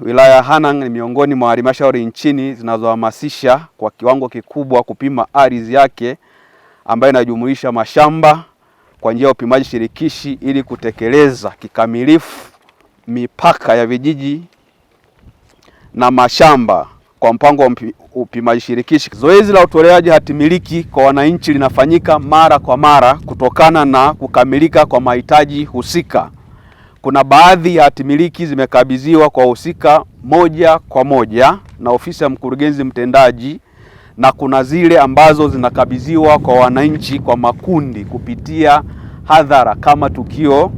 Wilaya ya Hanang' ni miongoni mwa halmashauri nchini zinazohamasisha kwa kiwango kikubwa kupima ardhi yake ambayo inajumuisha mashamba kwa njia ya upimaji shirikishi ili kutekeleza kikamilifu mipaka ya vijiji na mashamba kwa mpango wa upimaji shirikishi. Zoezi la utoleaji hatimiliki kwa wananchi linafanyika mara kwa mara kutokana na kukamilika kwa mahitaji husika kuna baadhi ya hati zimekabidhiwa kwa wahusika moja kwa moja na ofisi ya mkurugenzi mtendaji na kuna zile ambazo zinakabidhiwa kwa wananchi kwa makundi kupitia hadhara kama tukio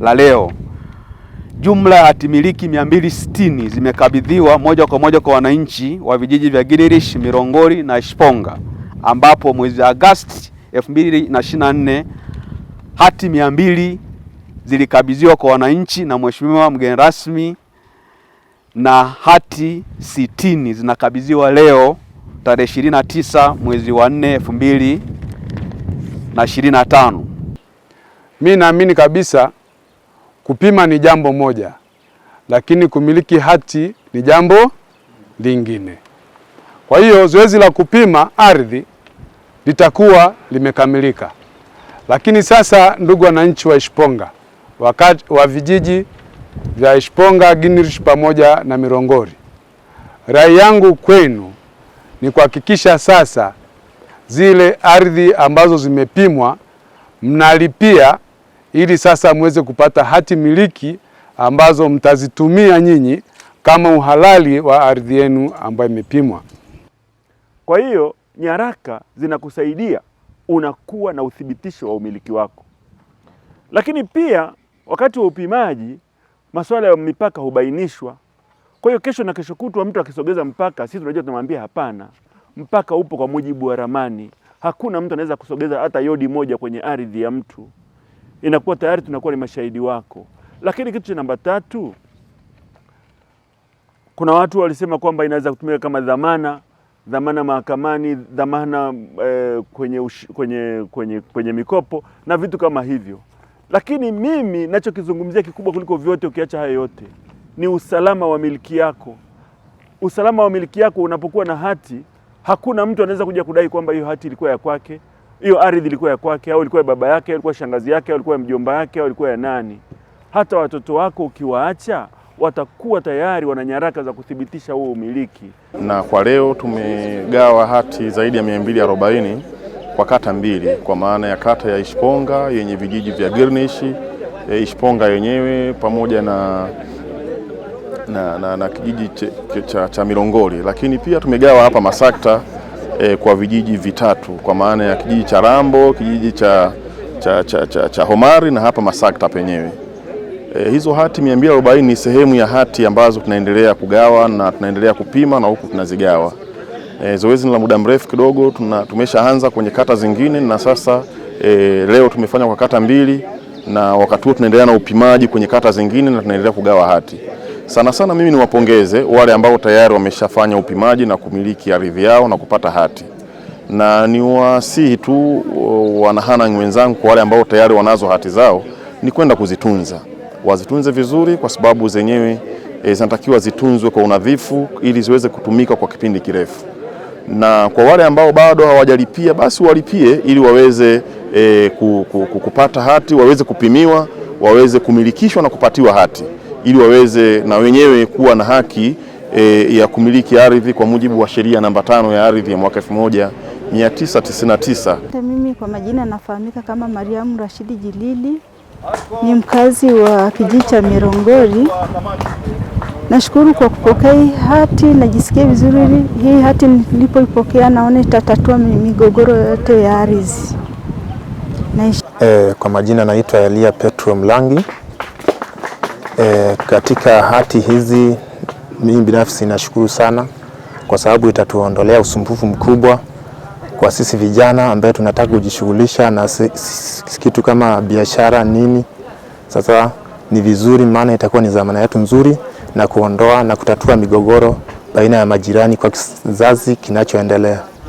la leo. Jumla ya hatimiliki 260 zimekabidhiwa moja kwa moja kwa wananchi wa vijiji vya Gidirish, Mirongori na Shiponga, ambapo mwezi Agosti 2024 hati zilikabidhiwa kwa wananchi na mheshimiwa mgeni rasmi, na hati sitini zinakabidhiwa leo tarehe tisa mwezi wa 4 elfu mbili na 25. mi naamini kabisa kupima ni jambo moja, lakini kumiliki hati ni jambo lingine. Kwa hiyo zoezi la kupima ardhi litakuwa limekamilika, lakini sasa, ndugu wananchi wa Ishiponga wakati wa vijiji vya Ishponga, Ginirish pamoja na Mirongori. Rai yangu kwenu ni kuhakikisha sasa zile ardhi ambazo zimepimwa mnalipia ili sasa muweze kupata hati miliki ambazo mtazitumia nyinyi kama uhalali wa ardhi yenu ambayo imepimwa. Kwa hiyo nyaraka zinakusaidia, unakuwa na uthibitisho wa umiliki wako, lakini pia Wakati wa upimaji masuala ya mipaka hubainishwa. Kwa hiyo kesho na kesho kutwa mtu akisogeza mpaka, sisi tunajua, tunamwambia hapana, mpaka upo kwa mujibu wa ramani. Hakuna mtu anaweza kusogeza hata yodi moja kwenye ardhi ya mtu, inakuwa tayari tunakuwa ni mashahidi wako. Lakini kitu cha namba tatu, kuna watu walisema kwamba inaweza kutumika kama dhamana, dhamana mahakamani, dhamana eh, kwenye, kwenye, kwenye, kwenye mikopo na vitu kama hivyo. Lakini mimi nachokizungumzia kikubwa kuliko vyote, ukiacha hayo yote, ni usalama wa miliki yako. Usalama wa miliki yako unapokuwa na hati, hakuna mtu anaweza kuja kudai kwamba hiyo hati ilikuwa ya kwake, hiyo ardhi ilikuwa ya kwake, au ilikuwa ya baba yake, ilikuwa shangazi yake, au ilikuwa ya mjomba yake, au ilikuwa ya nani. Hata watoto wako ukiwaacha watakuwa tayari wana nyaraka za kuthibitisha huo umiliki. Na kwa leo tumegawa hati zaidi ya 240 kwa kata mbili, kwa maana ya kata ya Ishponga yenye vijiji vya Girnishi, eh, Ishponga yenyewe pamoja na, na, na, na kijiji cha, cha, cha Milongoli, lakini pia tumegawa hapa masakta e, kwa vijiji vitatu kwa maana ya kijiji cha Rambo, kijiji cha, cha, cha, cha, cha Homari na hapa masakta penyewe. E, hizo hati 240 ni sehemu ya hati ambazo tunaendelea kugawa na tunaendelea kupima na huku tunazigawa. E, zoezi ni la muda mrefu kidogo, tumeshaanza kwenye kata zingine na sasa e, leo tumefanya kwa kata mbili, na wakati huo tunaendelea na upimaji kwenye kata zingine na tunaendelea kugawa hati. Sana sana mimi niwapongeze wale ambao tayari wameshafanya upimaji na kumiliki ardhi yao na kupata hati, na niwasihi tu wanahanang' wenzangu, kwa wale ambao tayari wanazo hati zao ni kwenda kuzitunza, wazitunze vizuri, kwa sababu zenyewe e, zinatakiwa zitunzwe kwa unadhifu ili ziweze kutumika kwa kipindi kirefu na kwa wale ambao bado hawajalipia basi walipie ili waweze e, kupata hati, waweze kupimiwa, waweze kumilikishwa na kupatiwa hati ili waweze na wenyewe kuwa na haki e, ya kumiliki ardhi kwa mujibu wa sheria namba tano ya ardhi ya mwaka 1999. Mimi kwa majina nafahamika kama Mariamu Rashidi Jilili, ni mkazi wa kijiji cha Mirongori. Nashukuru kwa kupokea hati, najisikia vizuri. Hii hati nilipoipokea, naona itatatua migogoro yote ya ardhi. E, kwa majina naitwa Elia Petro Mlangi. E, katika hati hizi mimi binafsi nashukuru sana kwa sababu itatuondolea usumbufu mkubwa kwa sisi vijana ambaye tunataka kujishughulisha na kitu kama biashara nini. Sasa ni vizuri, maana itakuwa ni zamana yetu nzuri na kuondoa na kutatua migogoro baina ya majirani kwa kizazi kinachoendelea.